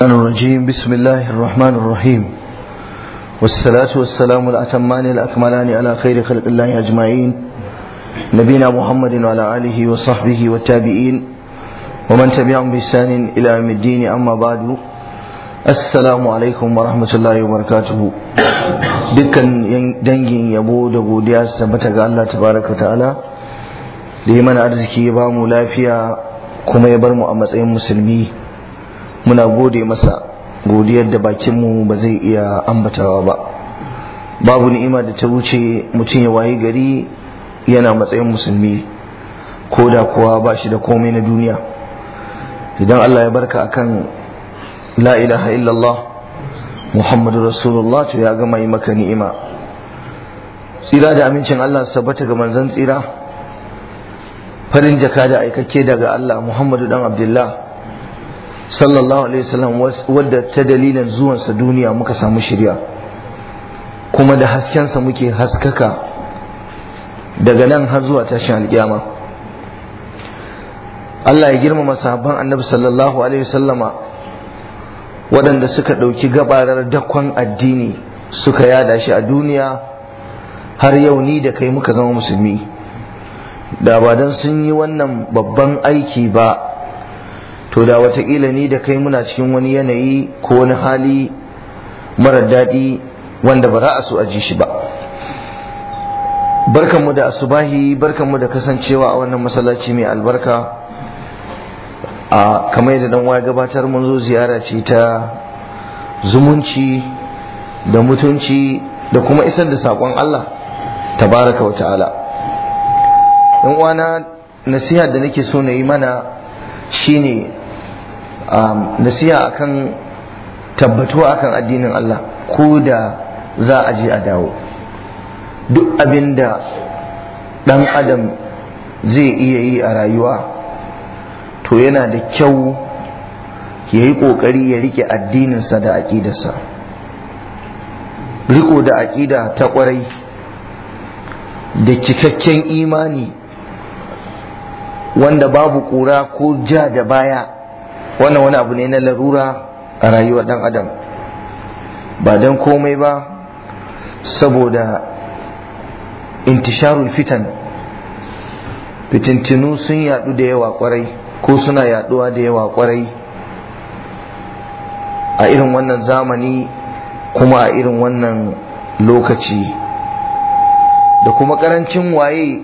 الرجيم بسم الله الرحمن الرحيم والصلاة والسلام الأتمان الأكملان على خير خلق الله أجمعين نبينا محمد وعلى آله وصحبه والتابعين ومن تبعهم بإحسان إلى يوم الدين أما بعد السلام عليكم ورحمة الله وبركاته دكان دنجين يبو دبو دياس سبتك الله تبارك وتعالى لمن أرزكي بامو لافيا كما يبرمو أمس أي مسلمي muna gode masa godiyar da bakinmu ba zai iya ambatawa ba babu ni'ima da ta wuce mutum ya wayi gari yana matsayin musulmi ko da kuwa ba shi da komai na duniya idan Allah ya barka akan la ilaha illallah muhammadu rasulullah to ya gama yi maka ni'ima tsira da amincin Allah tabbata ga manzan tsira farin jaka da aikakke daga Allah Muhammadu dan Abdullahi. sallallahu alaihi wasallam wadda ta dalilin zuwansa duniya muka samu shirya kuma da hasken sa muke haskaka daga nan har zuwa tashin alkiyama Allah ya girmama sahabban annabi sallallahu alaihi wasallama waɗanda suka ɗauki gabarar dakon addini suka yada shi a duniya har yau ni da kai muka zama musulmi da ba don sun yi wannan babban aiki ba to da watakila ni da kai muna cikin wani yanayi ko wani hali mara daɗi wanda ba za a so a ji shi ba barkanmu da asubahi barkanmu da kasancewa a wannan masallaci mai albarka a kamar yadda dan waya gabatar mun zo ziyara ce ta zumunci da mutunci da kuma isar da saƙon Allah tabaraka wa ta'ala yan uwana nasiha da nake so na yi mana shine Um, nasiha akan tabbatuwa akan addinin Allah ko da za a je a dawo duk abin da ɗan adam zai iya yi a rayuwa to yana da kyau ya yi ƙoƙari ya rike addininsa da aƙidarsa riko da aƙida ta ƙwarai da cikakken imani wanda babu ƙura ko ja da baya wannan wani abu ne na larura a rayuwar dan adam ba don komai ba saboda intisharul fitan fitintinu sun yadu da yawa kwarai ko suna yaduwa da yawa kwarai a irin wannan zamani kuma a irin wannan lokaci da kuma karancin waye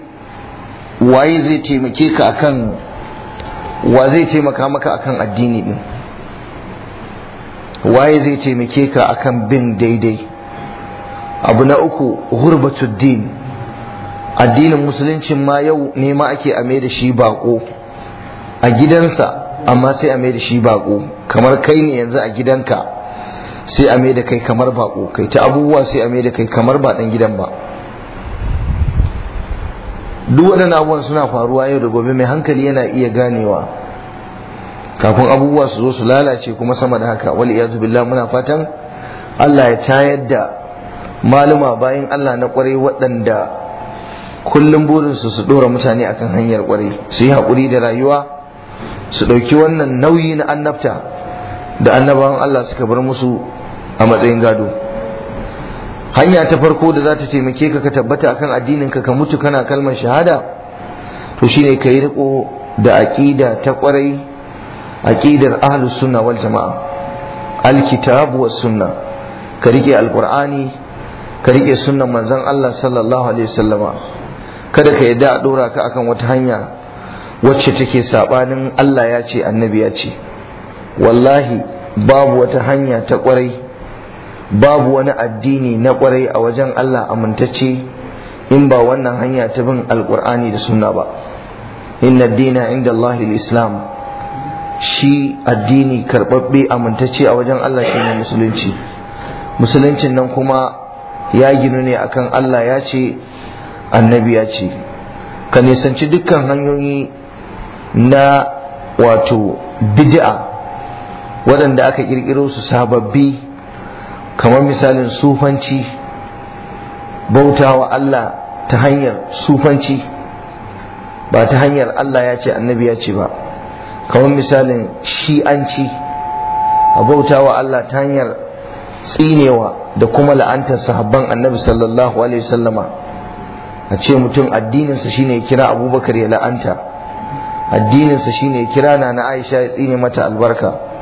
waye zai taimake ka akan wa zai taimaka maka akan addini din waye zai taimake ka akan bin daidai abu na uku hurbatuddin addinin musuluncin ma yau ne ma ake a da shi bako a gidansa amma sai a da shi bako kamar kai ne yanzu a gidanka sai a da kai kamar bako kai ta abubuwa sai a da kai kamar ba dan gidan ba duk waɗannan abubuwan suna faruwa yau da gobe mai hankali yana iya ganewa kafin abubuwa su zo su lalace kuma sama da haka wal iyazu zubi muna fatan Allah ya tayar da maluma bayan Allah na kwarai waɗanda kullum burinsu su ɗora mutane akan hanyar kwarai su yi haƙuri da rayuwa su ɗauki wannan nauyi na annabta da annabawan Allah suka bar musu a matsayin gado hanya ta farko da za ta taimake ka ka tabbata akan addinin ka ka mutu kana kalmar shahada to shine ka yi riko da aqida ta kwarai aqidar ahlus sunna wal jamaa alkitab was sunna ka rike alqur'ani ka rike sunnan manzon Allah sallallahu alaihi wasallama kada ka yadda a dora ka akan wata hanya wacce take sabanin Allah ya ce annabi ya ce wallahi babu wata hanya ta kwarai babu wani addini na kwarai a wajen Allah amintacce in ba wannan hanya ta bin alkur'ani da sunna ba inna dina inda Allah islam shi addini karɓaɓɓe amintacce a wajen Allah shi ne musulunci musuluncin nan kuma ya ginu ne akan Allah ya ce annabi ya ce ka nisanci dukkan hanyoyi na wato bid'a waɗanda aka ƙirƙiro su sababbi kamar misalin sufanci bautawa Allah ta hanyar sufanci ba ta hanyar Allah ya ce annabi ya ce ba kamar misalin shi'anci a bautawa Allah ta hanyar tsinewa da kuma la'antar sahabban annabi sallallahu alaihi wasallama a ce mutum addininsa shine ya kira abubakar ya la'anta addininsa shine ya kira na na aisha ya tsine mata albarka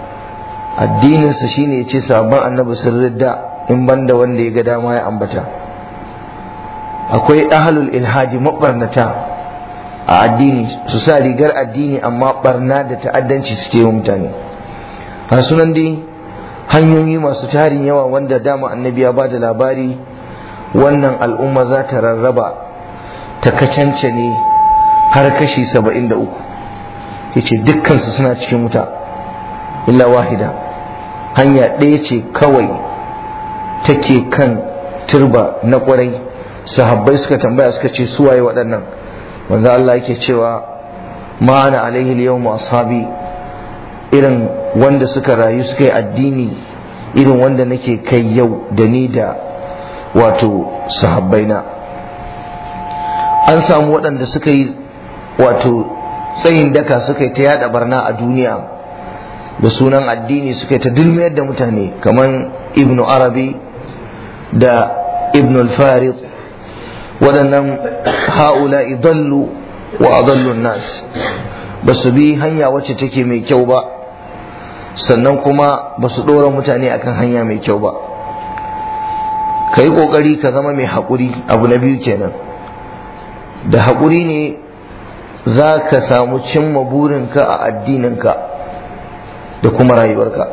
addininsa shine ya ce sabon annabi sun ridda in banda wanda ya ga dama ya ambata akwai ahalul ilhaji mabarnata a addini su sa rigar addini amma barna da ta'addanci suke wa mutane a sunan dai hanyoyi masu tarin yawa wanda dama annabi ya ba da labari wannan al'umma za ta rarraba ta kacance ne har kashi saba'in da uku ya ce dukkansu suna cikin wuta illa wahida hanya ɗaya ce kawai take kan turba na ƙwarai sahabbai suka tambaya suka ce suwaye waɗannan wanda Allah yake cewa ma'ana alaihi yau ashabi irin wanda suka rayu suka yi addini irin wanda nake kai yau da ni da wato na. an samu waɗanda suka yi wato tsayin daka suka yi ta yada barna a duniya da sunan addini suka ta dulmiyar da mutane kamar ibn arabi da ibn al-farid waɗannan ha'ula idallu wa adallun nas ba su bi hanya wacce take mai kyau ba sannan kuma ba su ɗora mutane akan hanya mai kyau ba ka yi ƙoƙari ka zama mai haƙuri abu na biyu kenan da haƙuri ne za ka samu cimma burinka a addininka da kuma rayuwarka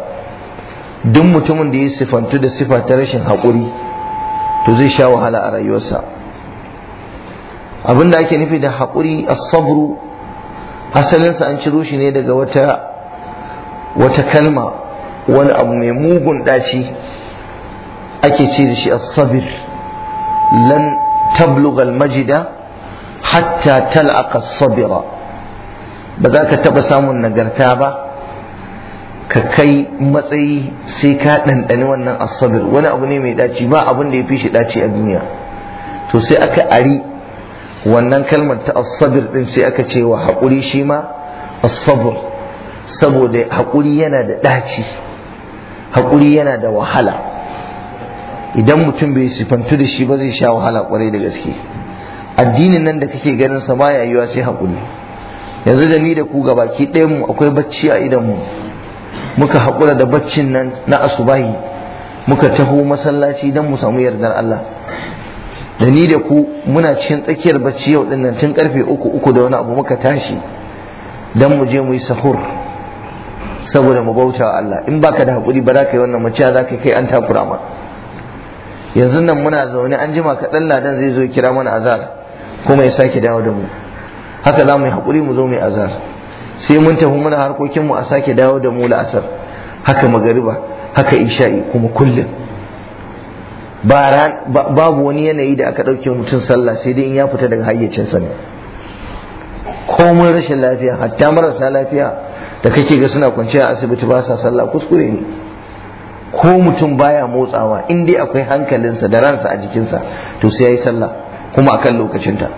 duk mutumin da ya sifantu da sifa ta rashin haƙuri to zai sha wahala a rayuwarsa abinda ake nufi da haƙuri a sabru asalinsa an ciro shi ne daga wata wata kalma wani abu mai mugun ɗaci ake ce da shi a sabir lan tablugal majida hatta tal'aka sabira ba za ka taɓa samun nagarta ba ka kai matsayi sai ka ɗanɗani wannan asabir wani abu ne mai ɗaci ba abin da ya fi shi ɗaci a duniya to sai aka ari wannan kalmar ta asabir ɗin sai aka ce wa haƙuri shi ma asabir saboda haƙuri yana da ɗaci haƙuri yana da wahala idan mutum bai sifantu da shi ba zai sha wahala ƙwarai da gaske addinin nan da kake ganin sa baya yayuwa sai haƙuri yanzu da ni da ku gabaki ɗayan mu akwai bacci a idonmu. muka haƙura da baccin nan na asubahi muka taho masallaci don mu samu yardar Allah da ni da ku muna cikin tsakiyar bacci yau dinnan tun karfe uku uku da wani abu muka tashi don mu je mu yi sahur saboda mu bauta wa Allah in baka da haƙuri ba za ka yi wannan mace za ka kai an takura ma yanzu nan muna zaune an jima kaɗan ladan zai zo kira mana azar kuma ya sake dawo da mu haka za mu yi haƙuri mu zo mu yi azar sai mun tafi muna harkokin mu a sake dawo da mu la'asar haka magariba haka isha'i kuma kullum babu wani yanayi da aka ɗauke mutum sallah sai dai in ya fita daga hayyacinsa ne komai rashin lafiya hatta marasa lafiya da kake ga suna kwanciya a asibiti ba sa sallah kuskure ne ko mutum baya motsawa in dai akwai hankalinsa da ransa a jikinsa to sai ya yi sallah kuma a kan lokacinta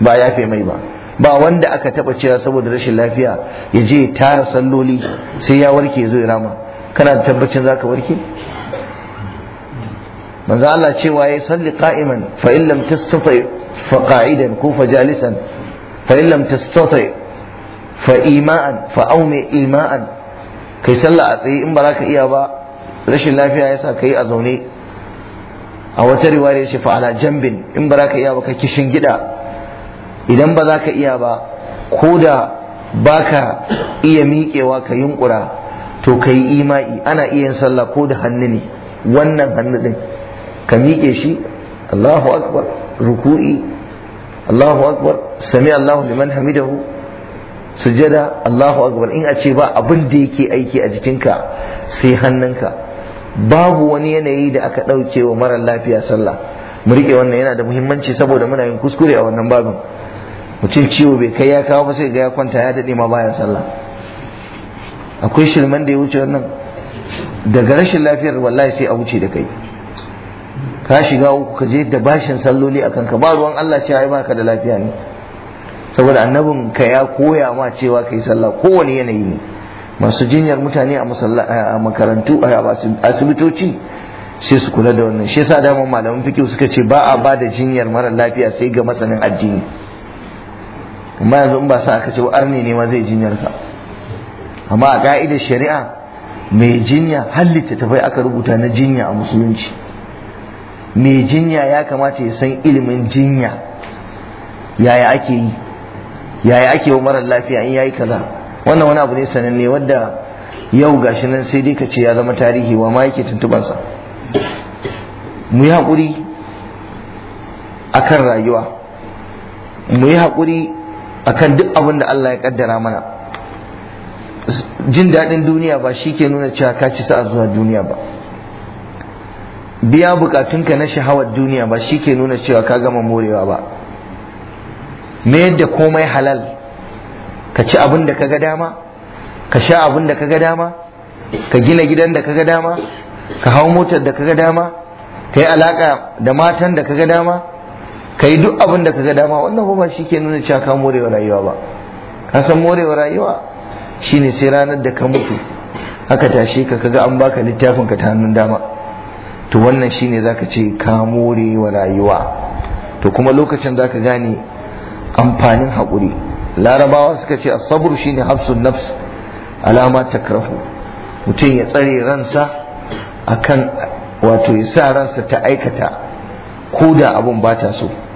ba ya fi mai ba ba wanda aka taba cewa saboda rashin lafiya ya je tara salloli sai ya warke ya zo irama kana da tabbacin zaka warke manzo Allah cewa yayi salli qa'iman fa in lam tastati fa qa'idan ko fa jalisan fa in lam tastati fa ima'an fa awmi ima'an kai sallah a tsaye in ba za ka iya ba rashin lafiya yasa yi a zaune a wata riwaya ce fa ala jambin in ba za ka iya ba ka kishin gida idan ba za ka iya ba ko da baka iya miƙewa ka yunƙura to ka yi ima'i ana iya yin sallah ko da hannu ne wannan hannu ɗin ka miƙe shi Allahu akbar ruku'i Allahu akbar sami Allahu liman hamidahu sujada Allahu akbar in a ce ba abin da yake aiki a jikinka sai hannunka babu wani yanayi da aka ɗauke wa mara lafiya sallah mu riƙe wannan yana da muhimmanci saboda muna yin kuskure a wannan babin mutum ciwo bai kai ya kawo sai ga ya kwanta ya daɗe ma bayan sallah akwai shirman da ya wuce wannan daga rashin lafiyar wallahi sai a wuce da kai ka shiga uku ka je da bashin salloli akan kanka ba ruwan Allah ce ai baka da lafiya ne saboda annabin ka ya koya ma cewa kai sallah kowane yanayi ne masu jinyar mutane a makarantu a asibitoci sai su kula da wannan shi yasa damar malaman fikihu suka ce ba a ba da jinyar mara lafiya sai ga masanin addini amma yanzu in ba sa aka ce arne ne ma zai jinyar ka amma a ka'idar shari'a mai jinya har littattafai aka rubuta na jinya a musulunci mai jinya ya kamata ya san ilimin jinya yaya ake yi yaya ake wa marar lafiya in ya yi kaza wannan wani abu ne sananne wadda yau gashi nan sai dai ka ce ya zama tarihi wa ma yake tuntubansa mu yi haƙuri akan rayuwa mu yi haƙuri akan duk abin da Allah ya kaddara mana jin daɗin duniya ba shi ke nuna cewa ka ci sa'a zuwa duniya ba biya bukatunka na shahawar duniya ba shi ke nuna cewa ka gama morewa ba me yadda komai halal ka ci abin da ka ga dama ka sha abin da ka ga dama ka gina gidan da ka ga dama ka hau motar da ka ga dama ka yi alaka da matan da ka ga dama kai duk abin da kaga dama wannan kuma shi ke nuna cewa ka morewa rayuwa ba ka san morewa rayuwa shine sai ranar da ka mutu aka tashi ka kaga an baka littafin ka ta hannun dama to wannan shine zaka ce ka morewa rayuwa to kuma lokacin zaka gane amfanin haƙuri larabawa suka ce as-sabr shine hafsun nafs alama takrahu mutum ya tsare ransa akan wato ya sa ransa ta aikata ko da abun ba ta so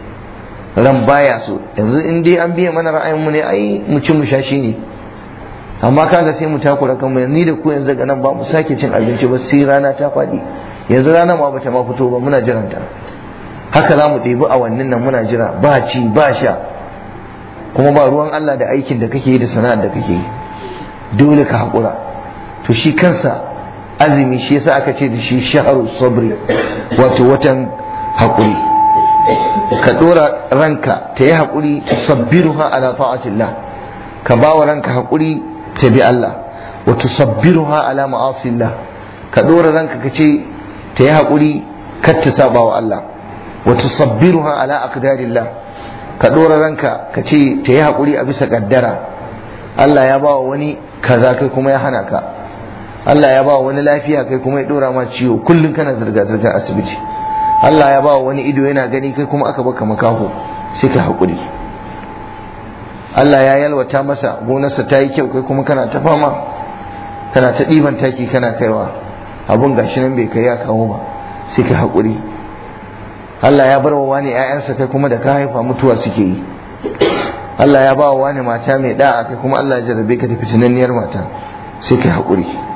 ran baya so yanzu in dai an biya mana ra'ayin mu ne ai mu ci mu sha ne amma kaga sai mu takura kanmu yanzu ni da ku yanzu ga nan ba mu sake cin abinci ba sai rana ta faɗi yanzu rana ma bata ma fito ba muna jiran ta haka za mu ɗebi awannin nan muna jira ba ci ba sha kuma ba ruwan Allah da aikin da kake yi da sana'ar da kake yi dole ka haƙura to shi kansa azumi shi yasa aka ce da shi shaharu sabri wato watan haƙuri ka dora ranka ta yi haƙuri ta ha ala ta'atillah ka ba wa ranka haƙuri ta bi Allah wa ha ala ma'asillah ka dora ranka ka ce ta yi haƙuri kar ta saba wa Allah wa ha ala aqdarillah ka dora ranka ka ce ta yi haƙuri a bisa ƙaddara Allah ya ba wa wani kaza kai kuma ya hana ka Allah ya ba wa wani lafiya kai kuma ya dora ma ciwo kullum kana zirga zirga asibiti Allah ya ba wani ido yana gani kai kuma aka baka makaho sai ka haƙuri Allah ya yalwata masa gonarsa ta yi kyau kai kuma kana ta fama kana ta ɗiban taki kana kaiwa abun gashi nan bai kai ya kawo ba sai ka haƙuri Allah ya bar wa wani 'ya'yansa kai kuma da ka haifa mutuwa suke yi Allah ya ba wa wani mata mai da'a kai kuma Allah ya jarrabe ka da fitinanniyar mata sai ka haƙuri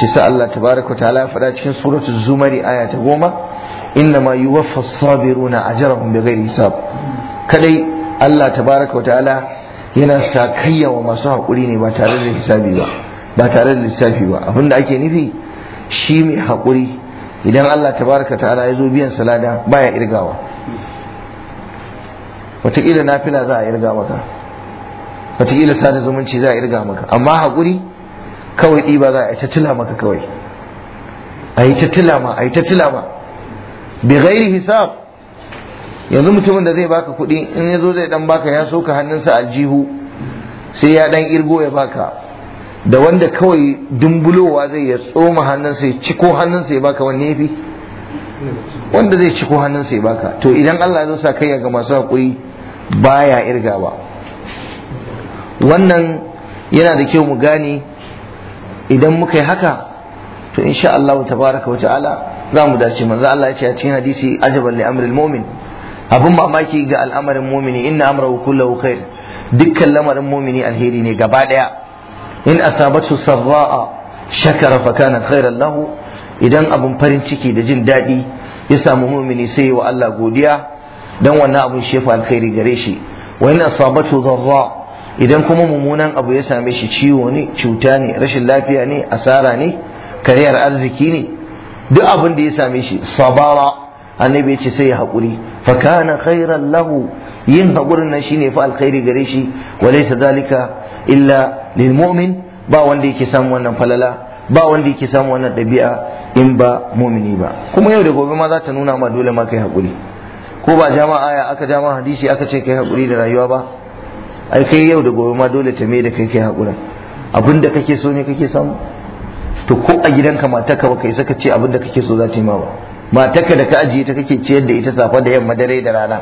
shi sa Allah tabaraka ta'ala faɗa cikin suratul zumari aya ta goma inna ma yuwaffa sabiruna ajrahum bighairi hisab kadai Allah tabaraka ta'ala yana sakayya wa masu haƙuri ne ba tare da hisabi ba ba tare da lissafi ba abinda ake nufi shi mai haƙuri idan Allah tabaraka ta'ala ya zo biyan salada baya irgawa wataƙila nafila za a irga maka wataƙila sada zumunci za a irga maka amma haƙuri kawai ɗiba za a ta tila maka kawai a yi ta tila ma a yi ta tila ma bi gairi hisab yanzu mutumin da zai baka kuɗi in ya zo zai dan baka ya soka hannunsa aljihu sai ya dan irgo ya baka da wanda kawai dumbulowa zai ya tsoma hannunsa ya ciko hannunsa ya baka wani yafi wanda zai ciko hannunsa ya baka to idan Allah ya sa kai ga masu hakuri baya ba, wannan yana da kyau mu gane idan muka yi haka to insha Allah tabaraka wa ta'ala za mu dace manzo Allah ya ce a cikin hadisi ajaban li amril mu'min abun mamaki ga al'amarin mu'mini inna amrahu kullahu khair dukkan lamarin mu'mini alheri ne gaba daya in asabatu sarra'a shakara fa kana khairan lahu idan abun farin ciki da jin daɗi ya samu mu'mini sai yi wa Allah godiya dan wannan abun shefa alkhairi gare shi wa in asabatu dharra' idan kuma mummunan abu ya same shi ciwo ne cuta ne rashin lafiya ne asara ne kariyar arziki ne duk abin da ya same shi sabara annabi ya ce sai ya haƙuri fa kana khairan lahu yin haƙurin nan shine fa alkhairi gare shi wa laysa zalika illa lil mu'min ba wanda yake samu wannan falala ba wanda yake samu wannan ɗabi'a in ba mumini ba kuma yau da gobe ma za ta nuna ma dole ma kai haƙuri ko ba jama'a aya aka jama'a hadisi aka ce kai haƙuri da rayuwa ba ai kai yau da gobe ma dole ta mai da kai kai haƙura abin da kake so ne kake samu to ko a gidanka matarka ba kai saka ce abin da kake so za ta yi ma ba matarka da ka ajiye ta kake ciyar da ita safa da yamma dare da rana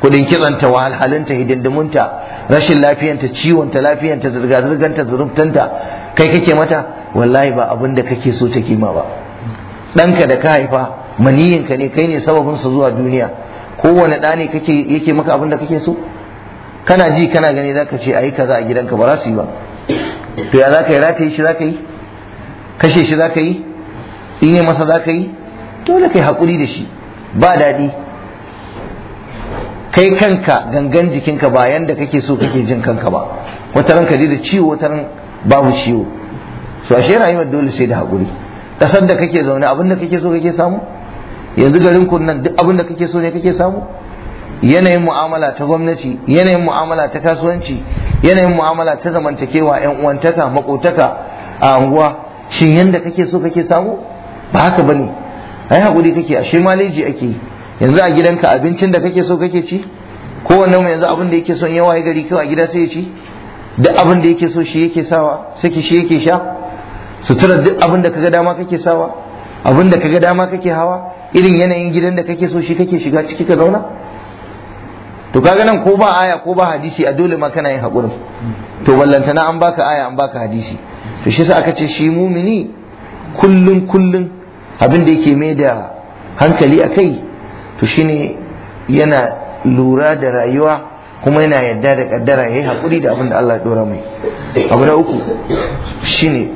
kudin kitsanta wahalhalinta hidindimunta rashin lafiyanta ciwonta lafiyanta zirga-zirganta zurubtanta kai kake mata wallahi ba abin da kake so take ma ba ɗanka da ka haifa maniyinka ne kai ne sababin su zuwa duniya kowane ɗa ne kake yake maka abin da kake so kana ji kana gani za ka ce a yi kaza a gidanka ba za su yi ba to ya za ka yi rataye shi ka yi kashe shi za ka yi tsine masa za ka yi dole kai haƙuri da shi ba daɗi kai kanka gangan jikinka ba yanda kake so kake jin kanka ba wata ran ka ji da ciwo wata ran babu ciwo so ashe rayuwar dole sai da haƙuri kasar da kake zaune abin da kake so kake samu yanzu garin kunnan duk abin da kake so ne kake samu yanayin mu'amala ta gwamnati yanayin mu'amala ta kasuwanci yanayin mu'amala ta zamantakewa yan uwantaka makotaka a unguwa shin yanda kake so kake samu ba haka bane ai hakuri kake ashe maleji ake yanzu a gidanka abincin da kake so kake ci kowanne mu yanzu abin da yake son yawa ya gari kawai gida sai ya ci duk abin da yake so shi yake sawa saki shi yake sha sutura duk abin da kaga dama kake sawa abin da kaga dama kake hawa irin yanayin gidan da kake so shi kake shiga ciki ka zauna to kaga nan ko ba aya ko ba hadisi a dole ma kana yin haƙuri to na an baka aya an baka hadisi to shi sa aka ce shi mumini kullun kullun abin da yake mai da hankali a kai to shine yana lura da rayuwa kuma yana yadda da kaddara yayi hakuri da abin da Allah ya dora mai abu na uku shine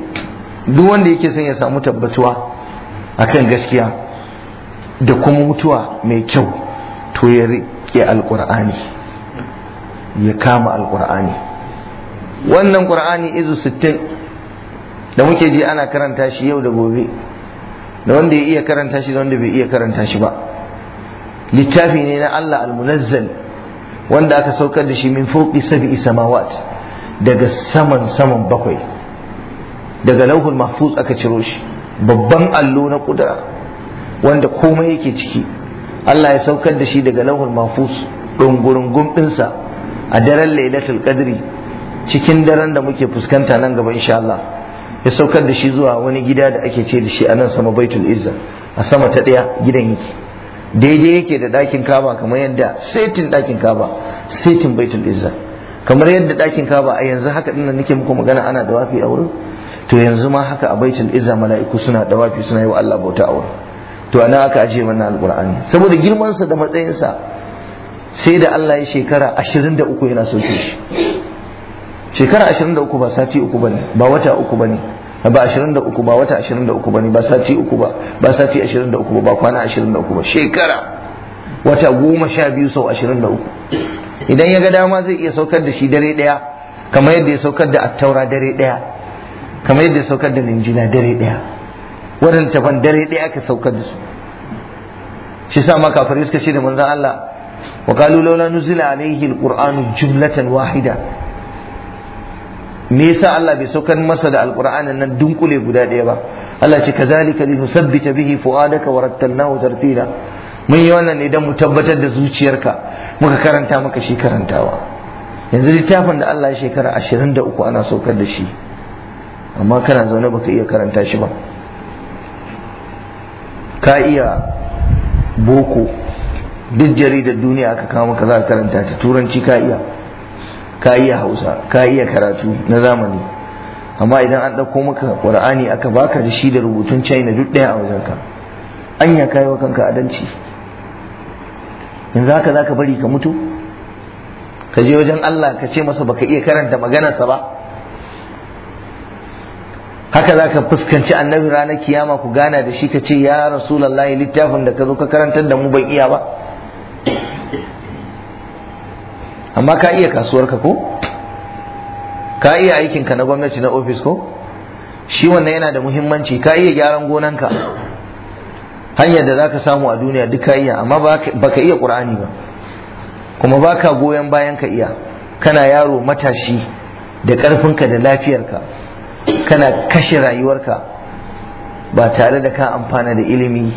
duk wanda yake son ya samu tabbatuwa akan gaskiya da kuma mutuwa mai kyau to ya ke alƙur'ani ya kama alƙur'ani wannan ƙur'ani izu sittin da muke ji ana karanta shi yau da gobe da wanda ya iya karanta shi da wanda bai iya karanta shi ba littafi ne na Allah almunazzal wanda aka saukar da shi min fauqi sab'i samawat daga saman saman bakwai daga lauhul mahfuz aka ciro shi babban allo na kudura wanda komai yake ciki Allah ya saukar da shi daga lauhul mahfuz ɗungurungun ɗinsa a daren lailatul qadri cikin daren da muke fuskanta nan gaba insha Allah ya saukar da shi zuwa wani gida da ake ce da shi a nan sama baitul izza a sama ta ɗaya gidan yake daidai yake da ɗakin kaba kamar yadda setin ɗakin kaba setin baitul izza kamar yadda ɗakin kaba a yanzu haka ɗin nake muku magana ana dawafi a wurin to yanzu ma haka a baitul izza mala'iku suna dawafi suna yi wa Allah bauta a wurin to ana aka ajiye mana alqur'ani saboda girmansa da matsayinsa sai da Allah ya shekara 23 yana sauke shi shekara 23 ba sati uku bane ba wata uku bane ba 23 ba wata 23 bane ba sati uku ba ba sati 23 ba ba kwana 23 ba shekara wata goma sha biyu sau 23 idan ya ga dama zai iya saukar da shi dare daya kamar yadda ya saukar da attaura dare daya kamar yadda ya saukar da linjina dare daya waɗanda tafan dare ɗaya aka saukar da su shi sa ma kafirai suka ce da manzon Allah wa qalu laula nuzila alaihi alqur'anu jumlatan wahida me yasa Allah bai saukar masa da alqur'anin nan dunkule guda ɗaya ba Allah ce kazalika linusabbita bihi fuadaka wa rattalnahu tartila mun yi wannan idan mu tabbatar da zuciyarka muka karanta maka shi karantawa yanzu littafin da Allah ya shekara 23 ana saukar da shi amma kana zaune baka iya karanta shi ba ka iya boko duk jaridar duniya aka kawo maka za ka karanta ta turanci ka iya ka iya hausa ka iya karatu na zamani amma idan an ɗauko maka ƙur'ani aka baka da shi da rubutun china duk ɗaya a wajenka anya ka yi wa kanka adalci yanzu haka za ka bari ka mutu ka je wajen allah ka ce masa baka iya karanta maganarsa ba haka za ka fuskanci annabi ranar kiyama ku gana da shi ka ce ya rasulallah littafin da ka zo ka karantar da mu ban iya ba amma ka iya kasuwarka ko ka iya aikinka na gwamnati na ofis ko shi wannan yana da muhimmanci ka iya gyaran gonanka hanyar da za ka samu a duniya duk ka iya amma ba ka iya ƙur'ani ba kuma ba ka goyon bayan ka iya kana yaro matashi da ƙarfinka da lafiyarka kana kashe rayuwarka ba tare da ka amfana da ilimi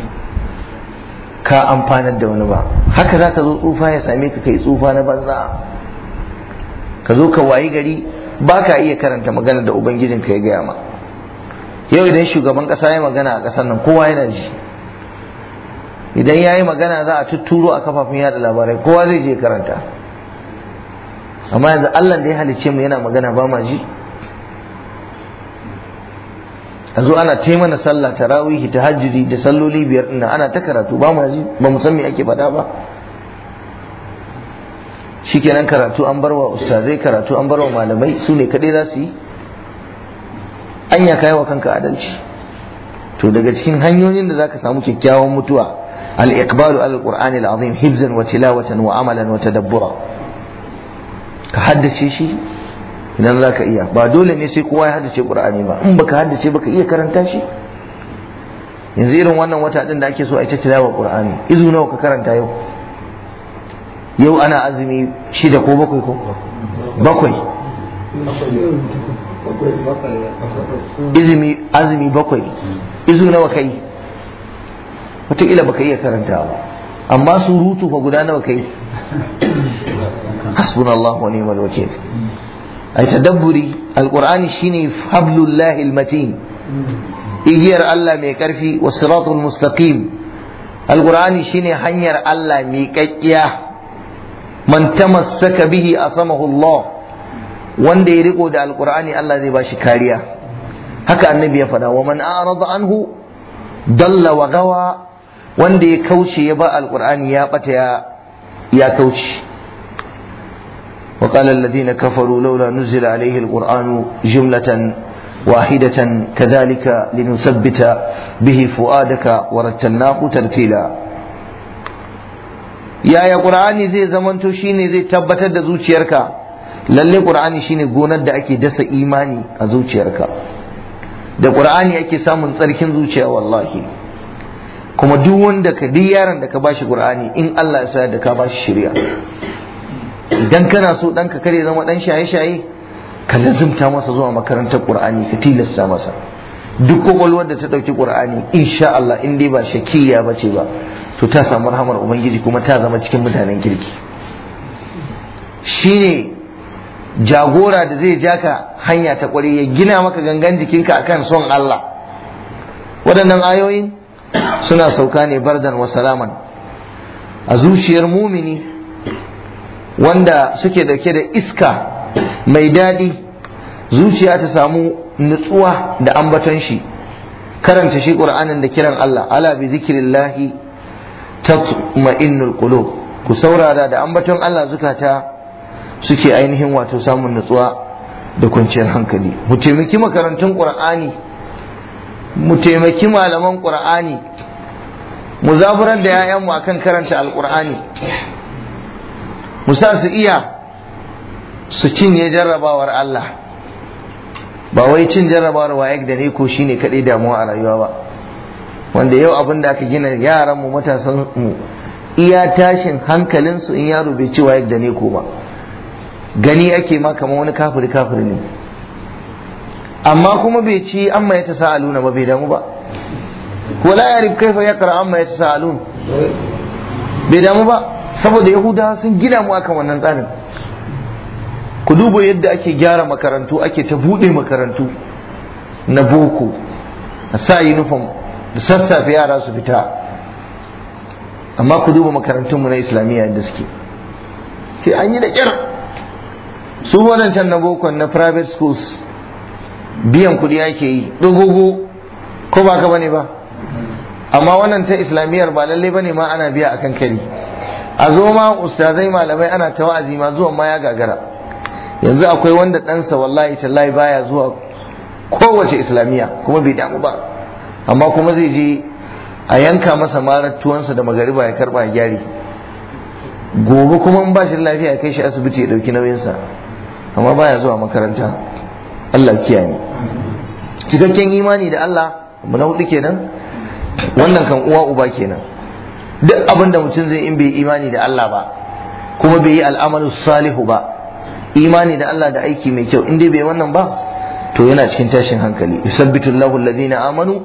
ka amfanar da wani ba haka za ka zo tsufa ya same ka kai tsufa na banza ka zo ka wayi gari ba ka iya karanta magana da ka ya gaya ma yau idan shugaban ƙasa ya magana a kasar nan kowa yana ji idan ya yi magana za a tutturo a kafafun yada labarai kowa zai je karanta amma yanzu allah da ya halicce mu yana magana ba ma ji yanzu ana ta mana sallah tarawihi tahajjudi da salloli biyar ɗin ana ta karatu ba mu ba mu san me ake faɗa ba shikenan karatu an barwa ustazai karatu an barwa malamai su ne kaɗai za su yi anya kai wa kanka adalci to daga cikin hanyoyin da zaka samu kyakkyawan mutuwa al-iqbalu al-qur'ani al-azim hibzan wa tilawatan wa amalan wa tadabbura ka haddace shi idan za ka iya ba dole ne sai kowa ya haddace qur'ani ba in baka haddace baka iya karanta shi yanzu irin wannan wata din da ake so a ita tilawa qur'ani izu nawa ka karanta yau yau ana azumi shida ko bakwai ko bakwai izumi azumi bakwai izu nawa yi wataƙila baka iya karanta ba amma surutu fa guda nawa kai hasbunallahu wa ni'mal wakil ai tadabburi alqur'ani shine hablullahi almatin igiyar Allah mai ƙarfi wa siratul mustaqim Alƙur'ani shine hanyar Allah mai kakkiya man tamassaka a sama Allah wanda ya riƙo da alqur'ani Allah zai bashi kariya haka annabi ya faɗa wa man arada anhu dalla wa gawa wanda ya kauce ya ba alqur'ani ya bata ya kauce وقال الذين كفروا لولا نزل عليه القرآن جملة واحدة كذلك لنثبت به فؤادك ورتلناه ترتيلا يا يا قرآني زي زمن شيني زي تبتد زوجيرك lalle qur'ani shine gonar da ake dasa imani a zuciyarka da qur'ani ake samun tsarkin zuciya wallahi kuma duk wanda ka duk yaron da ka bashi qur'ani in Allah ya sa da ka bashi shari'a idan kana so ɗanka kare zama ɗan shaye-shaye ka lazumta masa zuwa makarantar ƙur'ani ka tilasta masa duk kwakwalwar da ta ɗauki ƙur'ani insha Allah in dai ba shakiyya ba ce ba to ta samu rahamar ubangiji kuma ta zama cikin mutanen kirki shine jagora da zai ja ka hanya ta ƙwari ya gina maka gangan jikinka akan son Allah waɗannan ayoyin suna sauka ne bardan wa salaman a zuciyar mumini wanda suke dauke da iska mai daɗi zuciya ta samu nutsuwa da ambaton shi karanta shi ƙur'anin da kiran Allah ala bi zikrillahi tatma'innul qulub ku saurara da ambaton Allah zukata suke ainihin wato samun nutsuwa da kwanciyar hankali mu taimaki makarantun ƙur'ani mu taimaki malaman ƙur'ani mu zaburar da 'ya'yanmu akan karanta alƙur'ani musa su iya su cinye jarrabawar Allah ba wai cin jarrabawar waye da ne ko shine kadai damuwa a rayuwa ba wanda yau abin da aka gina yaran mu matasan mu iya tashin hankalin su in yaro bai ci waye da ne ko ba gani ake ma kamar wani kafiri kafiri ne amma kuma bai ci amma ya sa'aluna ba bai damu ba wala yarib kaifa yaqra amma yata sa'alun bai damu ba saboda yahudawa sun gina mu akan wannan tsarin ku duba yadda ake gyara makarantu ake ta buɗe makarantu na boko a sa uniform da sassafe yara su fita amma ku duba makarantunmu na islamiyya yadda suke sai an yi da kyar su wadancan na bokon na private schools biyan kuɗi ake yi dogogo ko ba ka bane ba amma wannan ta islamiyyar ba lallai bane ma ana biya akan kari a zo ma ustazai malamai ana ta wa'azi ma zuwan ma ya gagara yanzu akwai wanda ɗansa wallahi tallahi baya zuwa kowace islamiyya kuma bai damu ba amma kuma zai je a yanka masa marar tuwansa da magariba ya karba gyari gobe kuma in ba shi lafiya kai shi asibiti ya dauki nauyinsa amma baya zuwa makaranta Allah kiyaye cikakken imani da Allah mu na hudu kenan wannan kan uwa uba kenan duk abin da mutum zai in bai imani da Allah ba kuma bai yi al'amalu salihu ba imani da Allah da aiki mai kyau in dai bai wannan ba to yana cikin tashin hankali yusabbitu Allahu alladhina amanu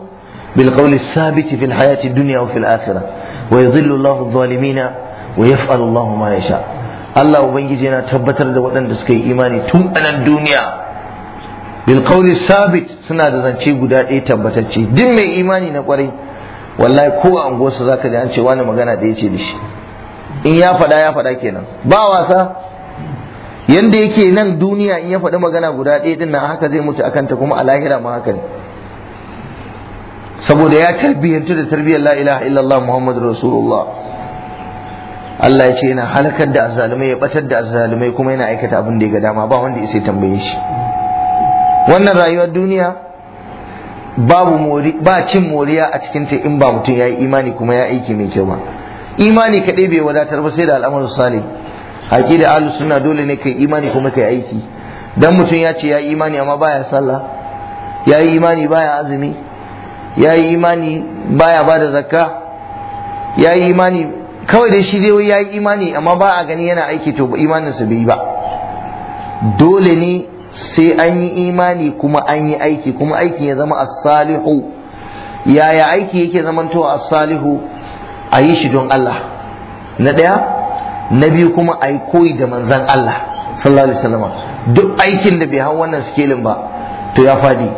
bil qawli sabiti fil hayati dunya wa fil akhirah wa yudhillu Allahu adh-dhalimina wa yaf'alu Allahu ma yasha Allah ubangiji yana tabbatar da waɗanda suka yi imani tun anan duniya bil qawli sabit suna da zance guda ɗaya tabbatacce duk mai imani na kwarai wallahi ko a unguwarsa za ka ji an ce wani magana da ya ce in ya faɗa ya faɗa kenan ba wasa yanda yake nan duniya in ya faɗi magana guda ɗaya din nan haka zai mutu akan ta kuma a lahira ma haka ne saboda ya tarbiyyantu da tarbiyyar la ilaha illallah muhammadu rasulullah Allah ya ce yana halakar da azzalumai ya batar da azzalumai kuma yana aikata abin da ya ga dama ba wanda ya sai tambaye shi wannan rayuwar duniya babu mori ba cin moriya a cikin ta in ba mutum yayi imani kuma ya aiki mai kyau ba imani kadai bai wadatar ba sai da al'amarin salih aqida ahlus sunna dole ne kai imani kuma kai aiki dan mutum ya ce ya yi imani amma baya sallah ya imani baya azumi ya imani baya bada zakka ya imani kawai dai shi dai yayi yi imani amma ba a gani yana aiki to imaninsa bai yi ba dole ne sai an yi imani kuma an yi aiki kuma aiki ya zama as-salihu yaya aiki yake zamantowa as-salihu a yi shi don Allah na ɗaya na biyu kuma a yi koyi da manzan Allah sallallahu alaihi wasallam duk aikin da bai hau wannan sikelin ba to ya fadi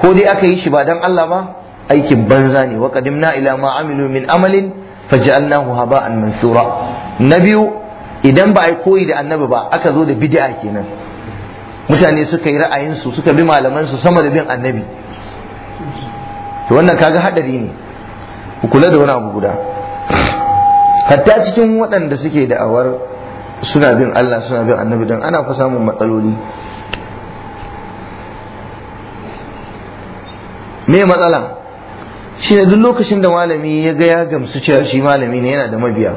ko dai aka yi shi ba don Allah ba aikin banza ne wa qadimna ila ma amilu min amalin faj'alnahu haba'an mansura na biyu idan ba a yi koyi da annabi ba aka zo da bid'a kenan mutane suka yi ra'ayinsu suka bi malamansu sama da bin annabi to wannan kaga hadari ne ku kula da wani abu guda hatta cikin waɗanda suke da'awar suna bin Allah suna bin annabi dan ana fa samun matsaloli me matsala shi ne duk lokacin da malami ya ga ya gamsu cewa shi malami ne yana da mabiya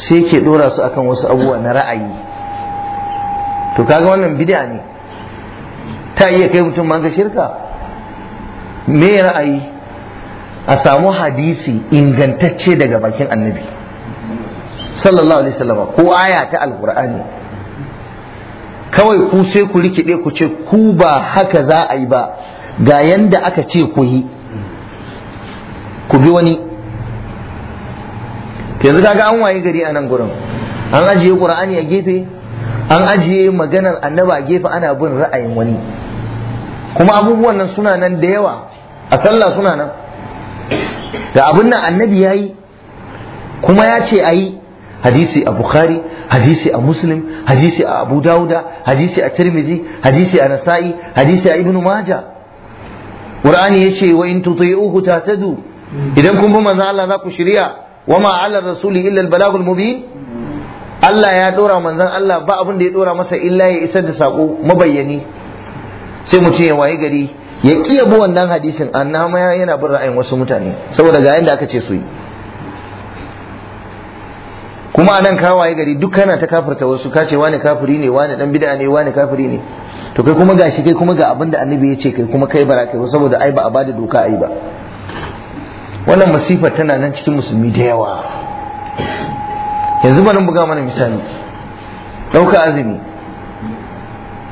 sai ke dora su akan wasu abubuwa na ra'ayi to kaga wannan bid'a ne ta iya kai mutum ma ga shirka me ra'ayi a samu hadisi ingantacce daga bakin annabi sallallahu alaihi wasallam ko aya ta alqur'ani kawai ku sai ku rikide ku ce ku ba haka za a yi ba ga yanda aka ce ku yi ku bi wani yanzu kaga an waye gari a nan gurin an ajiye qur'ani a gefe an ajiye maganar annaba a gefe ana bin ra'ayin wani kuma abubuwan nan suna nan da yawa a sallah suna nan da abin nan annabi ya yi kuma ya ce a yi hadisi a bukhari hadisi a muslim hadisi a abu dauda hadisi a tirmizi hadisi a nasa'i hadisi a ibnu maja qur'ani ce wa in tuti'uhu tahtadu idan kun bi manzo Allah za ku shirya wa ma 'ala rasuli illa al-balagul mubin Allah ya dora manzon Allah ba abin da ya dora masa illa ya isar da sako mabayyani sai mutum ya waye gari ya kiya bi wannan hadisin annama yana bin ra'ayin wasu mutane saboda ga yanda aka ce su yi kuma anan ka waye gari duk kana ta kafirta wasu ka ce wani kafiri ne wani dan bid'a ne wani kafiri ne to kai kuma gashi kai kuma ga abin da annabi ya ce kai kuma kai bara kai saboda ai ba a bada doka ai ba wannan masifar tana nan cikin musulmi da yawa yanzu bari buga mana misali ɗauka azumi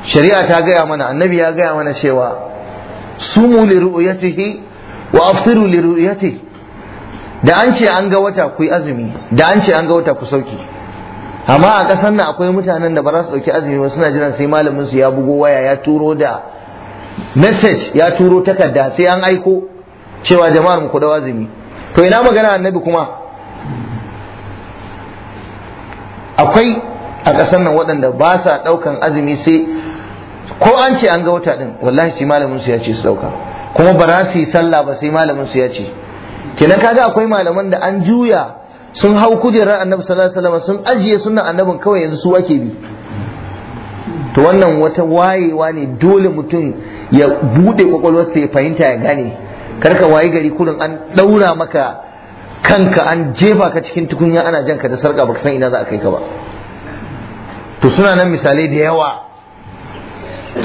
shari'a ta gaya mana annabi ya gaya mana cewa sumu li ru'yatihi wa afsiru li ru'yatihi da an ce an ga wata ku azumi da an ce an ga wata ku sauki amma a ƙasar nan akwai mutanen da ba za su ɗauki azumi ba suna jira sai malamin su ya bugo waya ya turo da message ya turo takarda sai an aiko cewa jama'ar mu ku azumi to ina magana annabi kuma akwai a ƙasar nan waɗanda ba sa ɗaukan azumi sai ko an ce an ga wata ɗin wallahi shi malamin su ya ce su ɗauka kuma ba za su yi sallah ba sai malamin su ya ce kenan kaga akwai malaman da an juya sun hau kujerar annabi sallallahu alaihi sun ajiye sunan annabin kawai yanzu su ake bi to wannan wata wayewa ne dole mutum ya bude kwakwalwarsa ya fahimta ya gane karka wayi gari kurin an ɗaura maka kanka an jefa ka cikin tukunya ana jan ka da sarka baka san ina za a kai ka ba to suna nan misalai da yawa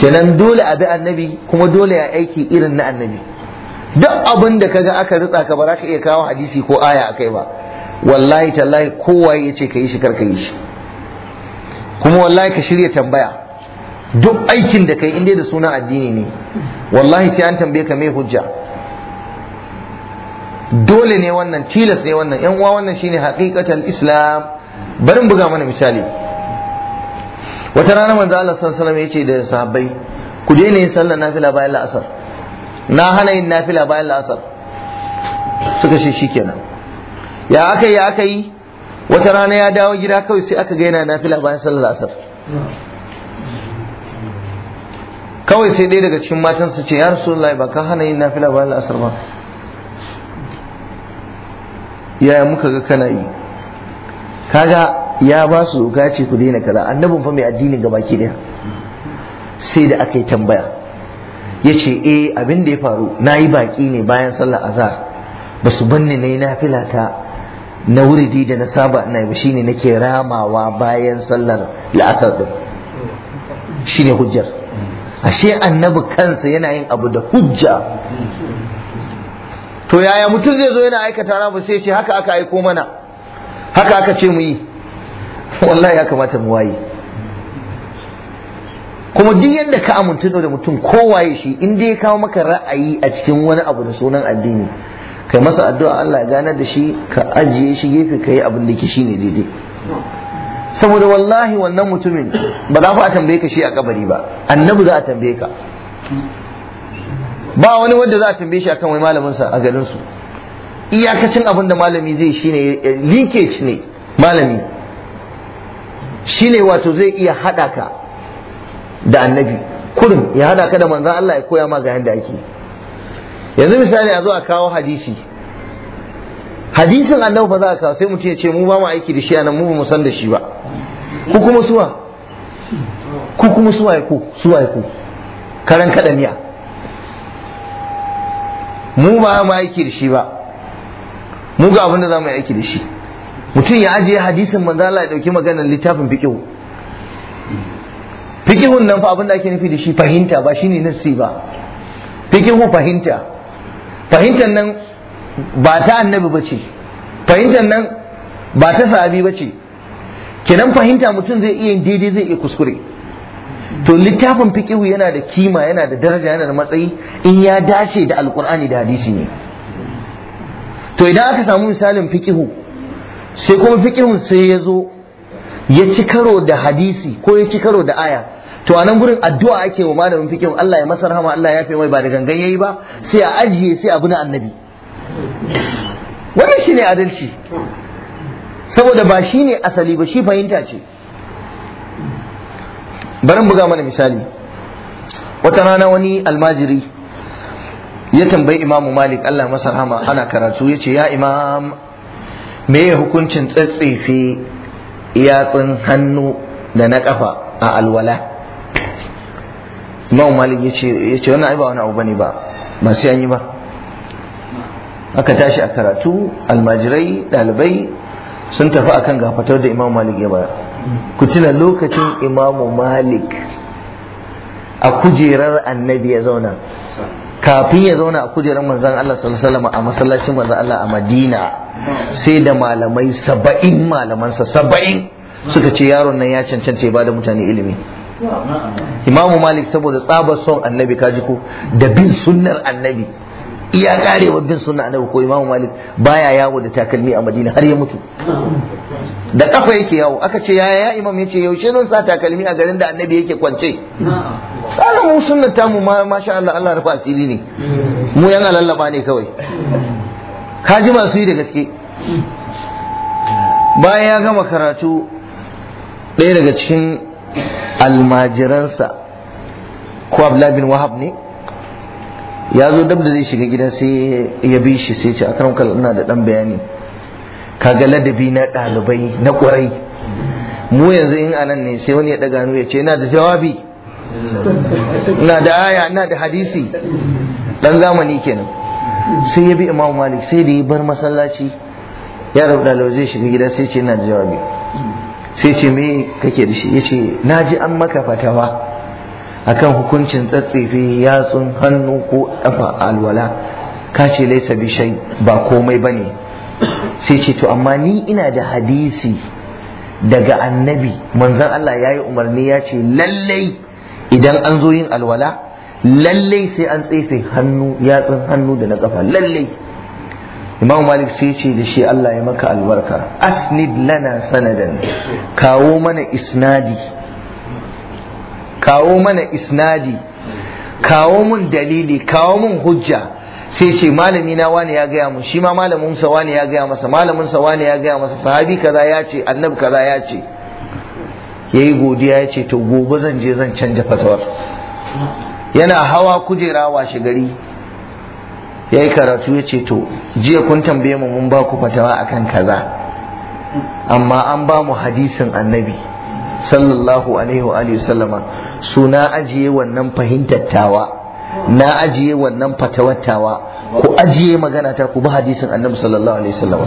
kenan dole a bi annabi kuma dole ya aiki irin na annabi duk abin da kaga aka ritsa ka ba za ka iya kawo hadisi ko aya a kai ba wallahi tallahi kowa ya ce ka yi shi kar ka yi shi kuma wallahi ka shirya tambaya duk aikin da kai inda da suna addini ne wallahi sai an tambaye ka mai hujja dole ne wannan tilas ne wannan yan uwa wannan shine haqiqatul islam bari buga mana misali wata rana manzo Allah sallallahu alaihi wasallam yace da sahabbai ku daina yin sallar nafila bayan la'asar na hana yin nafila bayan la'asar suka ce shikenan ya aka yi aka yi wata rana ya dawo gida kawai sai aka ga yana nafila bayan sallar la'asar kawai sai ɗaya daga cikin matansa ce ya rasulullahi ba ka hana yin nafila bayan la'asar ba yaya muka ga kana yi kaga ya ba su doka ce ku daina kaza annabin fa mai addinin ga baki daya sai da aka yi tambaya ya ce eh abin da ya faru nayi yi baki ne bayan sallar azhar ba su banni na yi nafila ta na wuridi da na saba ina ba shine nake ramawa bayan sallar la'asar din shine hujjar ashe annabi kansa yana yin abu da hujja to yaya mutum zai zo yana aikata na ba sai ce haka aka aiko mana haka aka ce mu yi wallahi ya kamata mu waye kuma duk yadda ka amintu da mutum kowaye shi in dai ya kawo maka ra'ayi a cikin wani abu da sunan addini kai masa addu'a Allah ya ganar da shi ka ajiye shi gefe ka yi abin da ke shi ne daidai saboda wallahi wannan mutumin ba za fa a tambaye ka shi a kabari ba annabi za a tambaye ka ba wani wanda za a tambaye shi akan wai malamin sa a garin su iyakacin abin da malami zai shine linkage ne malami shine wato zai iya hada ka da annabi kurin ya hada ka da manzon Allah ya koya ma ga yanda ake yanzu misali a zo a kawo hadisi hadisin annabi ba za a kawo sai mutum ya ce mu ba mu aiki da shi anan mu ba mu san da shi ba ku kuma suwa ku kuma suwa ku suwa ku karan kadamiya miya mu ba ma aiki da shi ba mu ga abin da za mu yi aiki da shi mutum ya ajiye hadisin manzo Allah ya dauki maganar littafin fiqh fiqhun nan fa abin da ake nufi da shi fahimta ba shine nassi ba fiqhu fahimta fahimtar nan ba ta annabi bace fahimtar nan ba ta sahabi bace kenan fahimta mutum zai iya daidai zai iya kuskure to littafin fiqihu yana da kima yana da daraja yana da matsayi in ya dace da alqur'ani da hadisi ne to idan aka samu misalin fiqihu sai kuma fiqihun sai ya zo ya ci karo da hadisi ko ya ci karo da aya to a nan gurin addu'a ake wa malamin fiqihu Allah ya masa rahama Allah ya fi mai ba da gangan yayi ba sai a ajiye sai abu na annabi wannan shine adalci saboda ba shine asali ba shi fahimta ce Barin buga mana misali wata rana wani almajiri ya tambayi imamu malik allah masa rahama ana karatu ya ce ya imam me hukuncin tsatsefe yatsun hannu da na kafa a alwala imamu malik ya ce wani aiba wani abu bane ba ba sai an yi ba aka tashi a karatu almajirai ɗalibai sun tafi akan gafatar da imamu malik ya bayar ku cina lokacin imamu malik a kujerar annabi ya zauna kafin ya zauna a kujerar manzan Allah sallallahu a masallacin manzan Allah a Madina sai da malamai saba'in malamansa saba'in suka ce yaron nan ya cancanta ya bada mutane ilimi imamu malik saboda tsabar son annabi kaji ko da bin sunnar annabi iya karewar bin sunna annabi ko imamu malik baya yawo da takalmi a madina har ya mutu da kafa yake yawo aka ce yaya ya imam yace yaushe zan sa takalmi a garin da annabi yake kwance tsara mu tamu ma masha Allah Allah rafa asiri ne mu yan alallaba ne kawai ka ji masu yi da gaske bayan ya gama karatu ɗaya daga cikin almajiransa ko Abdullah bin Wahab ne ya zo dab da zai shiga gida sai ya bi shi sai ce akram kal ina da dan bayani kaga ladabi na dalibai na kwarai mu yanzu in anan ne sai wani ya daga hannu ya ce ina da jawabi ina da aya ina da hadisi dan zamani kenan sai ya bi imamu malik sai da ya bar masallaci ya rabu dalibai zai shiga gida sai ce ina da jawabi sai ce me kake da shi ya ce na ji an maka fatawa akan hukuncin tsatsefe yatsun hannu ko kafa alwala ka ce laisa bishai ba komai ba ne sai ce to amma ni ina da hadisi daga annabi manzon Allah ya yi umarni ya ce lallai idan an zo yin alwala lallai sai an tsefe hannu yatsun hannu da na kafa lallai imam malik sai ce da shi Allah ya maka albarka asnid lana sanadan kawo mana isnadi kawo mana isnadi kawo mun dalili kawo mun hujja sai ce malami na wani ya gaya mun shi ma malamin sa wani ya gaya masa malamin sa wani ya gaya masa sahabi kaza ya ce annabi kaza ya ce yayi godiya ya ce to gobe zan je zan canja fatawar yana hawa kujera washe gari Yayi karatu ya ce to jiya kun tambaye mu mun ba ku fatawa akan kaza amma an ba mu hadisin annabi sallallahu alaihi wa alihi su na ajiye wannan fahimtar tawa na ajiye wannan fatawattawa ku ajiye magana ta ku bi hadisin annabi sallallahu alaihi sallama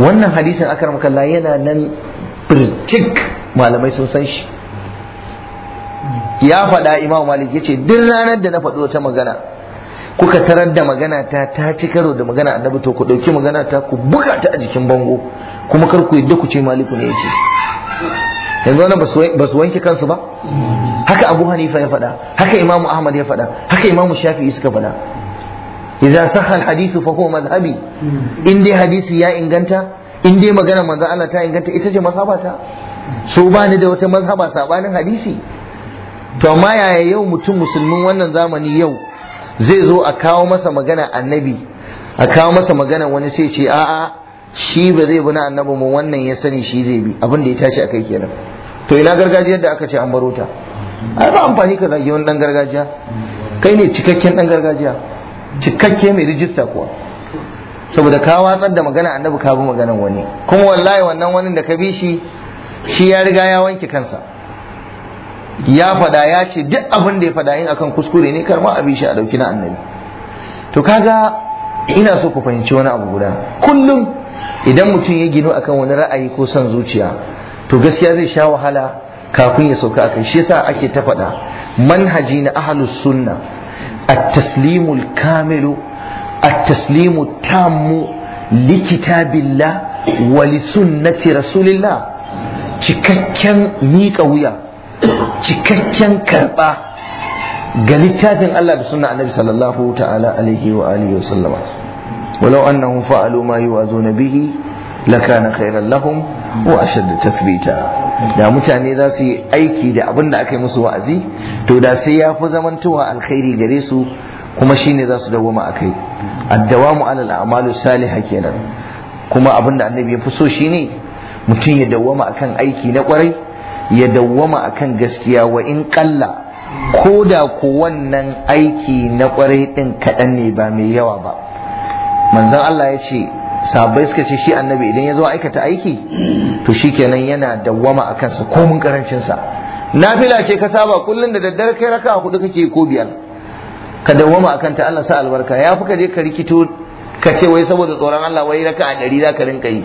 wannan hadisin akar makalla yana nan birtik malamai sun san shi ya faɗa imam malik yace ce duk ranar da na faɗo ta magana kuka tarar da magana ta ta ci karo da magana annabi to ku ɗauki magana ta ku buga ta a jikin bango kuma kar ku yadda ku ce maliku ne ya yanzu wannan ba su wanke kansu ba haka abu hanifa ya faɗa haka imamu ahmad ya faɗa haka imamu shafi'i suka faɗa idza sahha hadisu fa huwa madhhabi in dai hadisi ya inganta in dai magana manzo Allah ta inganta ita ce mazhabata so ba ni da wata mazhaba sabanin hadisi to amma yaya yau mutum musulmin wannan zamani yau zai zo a kawo masa magana annabi a kawo masa magana wani sai ce a'a shi ba zai bi na annabi mu wannan ya sani shi zai bi abin da ya tashi akai kenan to ina gargajiyar da aka ce an baro ta ai ba amfani ka zagi wani dan gargajiya kai ne cikakken dan gargajiya cikakke mai rijista kuwa saboda ka watsar da magana annabi ka bi magana wani kuma wallahi wannan wani da ka bi shi shi ya riga ya wanke kansa ya fada ya ce duk abin da ya fada yin akan kuskure ne karma a bi shi a dauki na annabi to kaga ina so ku fahimci wani abu guda kullum idan mutum ya gino akan wani ra'ayi ko son zuciya to gaskiya zai sha wahala kafin ya sauka akan shi yasa ake ta faɗa manhaji na ahlus sunna at-taslimu al-kamilu at-taslimu at-tammu kitabillah wa li sunnati rasulillah cikakken miƙa wuya cikakken karɓa ga littafin Allah da sunna annabi sallallahu ta'ala alaihi wa alihi wa sallama ولو أنهم فعلوا ما يوعظون به lakana khairan lahum wa ashadda tasbita da mutane za su yi aiki da abin da aka yi musu wa'azi to da sai ya fi zamantowa alkhairi gare su kuma shine za su dawoma a kai addawamu alal a'malu salihah kenan kuma abin da annabi ya fi so shine mutum ya dawwama akan aiki na kwarai ya dawwama akan gaskiya wa in kalla ko da ko wannan aiki na kwarai din kaɗan ne ba mai yawa ba manzon Allah ya ce sabai suka ce shi annabi idan ya zo aikata aiki to shikenan yana dawwama a kansa komun karancinsa nafila ce ka saba kullum da daddare kai raka kudu kake ko biyar ka dawwama a kanta Allah sa albarka ya fi ka je ka rikito ka ce wai saboda tsoron Allah wai raka a ɗari za ka rinka yi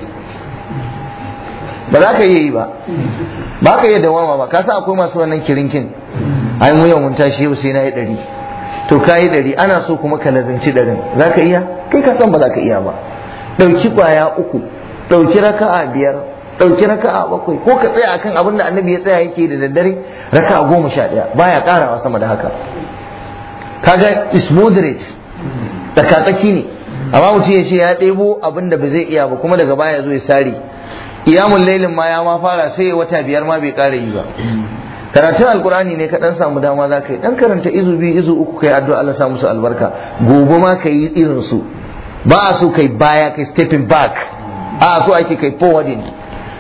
ba za ka yi ba ba ka yi dawama ba ka san akwai masu wannan kirinkin ai mu tashi yau sai na yi ɗari to ka yi ɗari ana so kuma ka lazanci ɗarin za ka iya kai ka san ba za ka iya ba Dauki kwaya uku dauki raka'a biyar dauki raka'a bakwai ko ka tsaya akan abin da annabi ya tsaya yake da daddare raka'a goma sha ɗaya baya karawa sama da haka kaga is moderate tsaki ne amma mutum ya ce ya ɗebo abin da ba zai iya ba kuma daga baya zo ya sare iyamun lailin ma ya ma fara sai wata biyar ma bai kare yi ba karatun alkurani ne ka dan samu dama za ka yi dan karanta izu biyu izu uku kai addu'a Allah sa musu albarka gobe ma ka yi irin su ba a so kai baya kai stepping back a so ake kai forwarding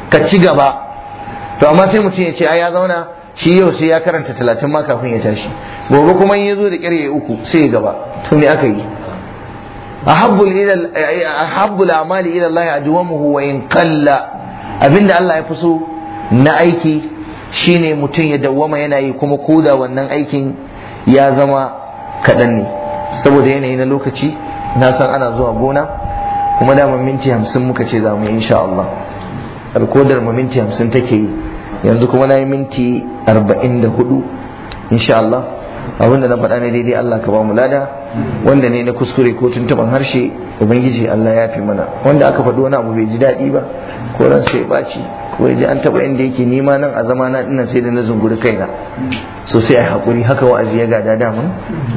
ka ci gaba to amma sai mutum ya ce a ya zauna shi yau sai ya karanta talatin ma kafin ya tashi gobe kuma in ya zo da yi uku sai ya gaba to ne aka yi ahabbul amali ila Allah ajwamuhu wa in qalla abinda Allah ya fi so na aiki shine mutum ya dawwama yana yi kuma koda wannan aikin ya zama kaɗan ne saboda yanayi na lokaci na san ana zuwa gona kuma da minti hamsin muka ce za mu yi insha Allah alkodar mu minti hamsin take yi yanzu kuma na yi minti arba'in da hudu insha Allah abinda na faɗa ne daidai Allah ka ba mu lada wanda ne na kuskure ko tuntuban harshe ubangiji Allah ya fi mana wanda aka faɗo wani abu bai ji daɗi ba ko ran sai ɓaci ko ya an taɓa inda yake nima nan a zama na ina sai da na zunguri kaina so sai a haƙuri haka wa'azi ya gada damun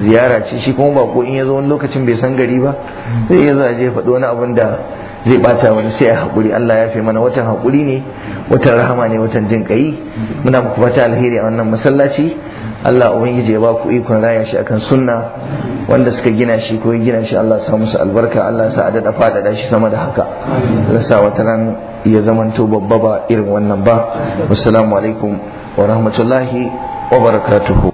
ziyara ce shi kuma ba ko in ya zo wani lokacin bai san gari ba zai iya zuwa je faɗo wani abin da zai bata wani sai a haƙuri Allah ya fi mana watan haƙuri ne watan rahama ne watan jin ƙai muna muku fata alheri a wannan masallaci Allah ubangiji ya ba ku ikon raya shi akan sunna wanda suka gina shi ko gina shi Allah sa musu albarka Allah sa adada fadada shi sama da haka Allah sa wata ran ya zamanto babba ba irin wannan ba assalamu alaikum wa rahmatullahi wa barakatuhu